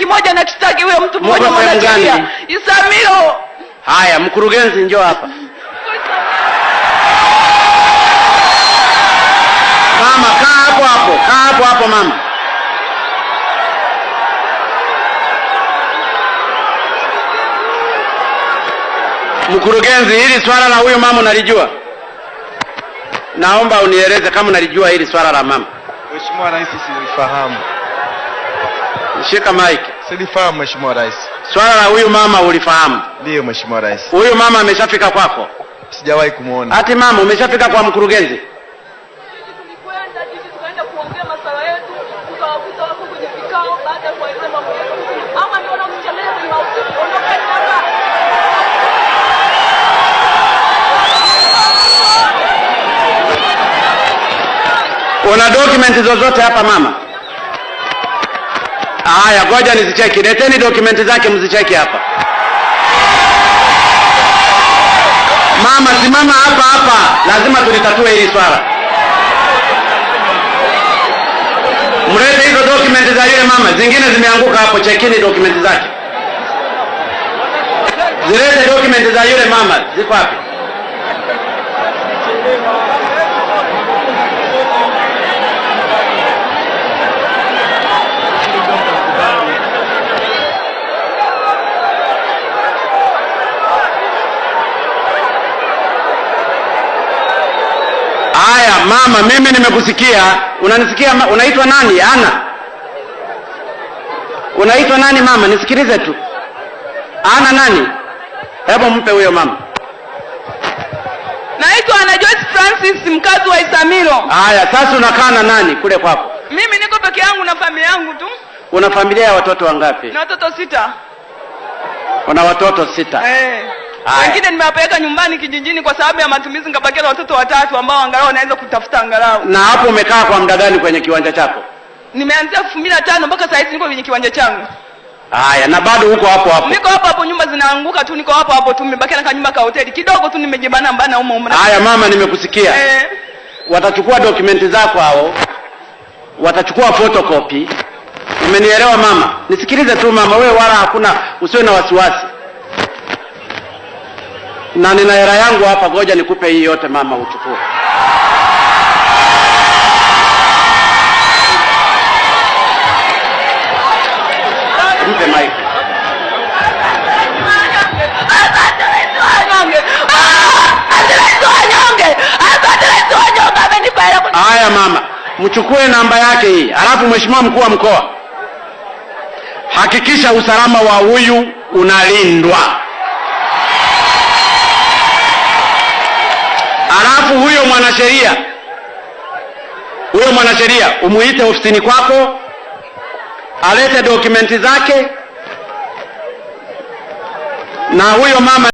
kimoja na kistaki huyo mtu mmoja mwanakimbia Isamilo. Haya, mkurugenzi njoo hapa mama, kaa hapo hapo, kaa hapo hapo mama. Mkurugenzi, hili swala la huyu mama unalijua? Naomba unieleze kama unalijua hili swala la mama. Mheshimiwa Rais, silifahamu. Shika mike. Silifahamu Mheshimiwa Rais. Swala la huyu mama ulifahamu? Ndio Mheshimiwa Rais. Huyu mama ameshafika kwako? Sijawahi kumuona. Ati mama umeshafika kwa mkurugenzi? Una document zozote hapa mama? Haya, ngoja nizicheki. Leteni dokumenti zake mzicheki hapa. Mama simama hapa hapa, lazima tulitatue hili swala. Mlete hizo dokumenti za yule mama, zingine zimeanguka hapo. Chekini dokumenti zake, zilete dokumenti za yule mama. Ziko wapi? Haya mama, mimi nimekusikia. Unanisikia? Unaitwa nani? Ana, unaitwa nani mama? Nisikilize tu. Ana nani? Hebu mpe huyo mama. Naitwa Ana Joyce Francis, mkazi wa Isamilo. Haya, sasa unakaa na nani kule kwako? Mimi niko peke yangu na familia yangu tu. Una familia ya watoto wangapi? Na watoto sita. Una watoto sita. Eh wengine nimewapeleka nyumbani kijijini kwa sababu ya matumizi, nikabakia na watoto watatu ambao angalau wanaweza kutafuta angalau. Na hapo umekaa kwa muda gani kwenye kiwanja chako? Nimeanzia elfu mbili na tano mpaka saa hizi niko kwenye kiwanja changu. Haya, na bado huko hapo hapo? Niko hapo hapo, nyumba zinaanguka tu, niko hapo hapo tu, nimebakia na kanyumba ka hoteli kidogo tu, nimejibana mbana umo umo. Haya mama, nimekusikia eh. Watachukua dokumenti zako hao, watachukua photocopy. Umenielewa mama? Nisikilize tu mama, wewe wala hakuna, usiwe na wasiwasi na nina hela yangu hapa, ngoja nikupe hii yote mama, uchukue. Mpe Haya mama, mchukue namba yake hii, alafu mheshimiwa mkuu wa mkoa, hakikisha usalama wa huyu unalindwa. alafu huyo mwanasheria huyo mwanasheria umuite ofisini kwako, alete dokumenti zake na huyo mama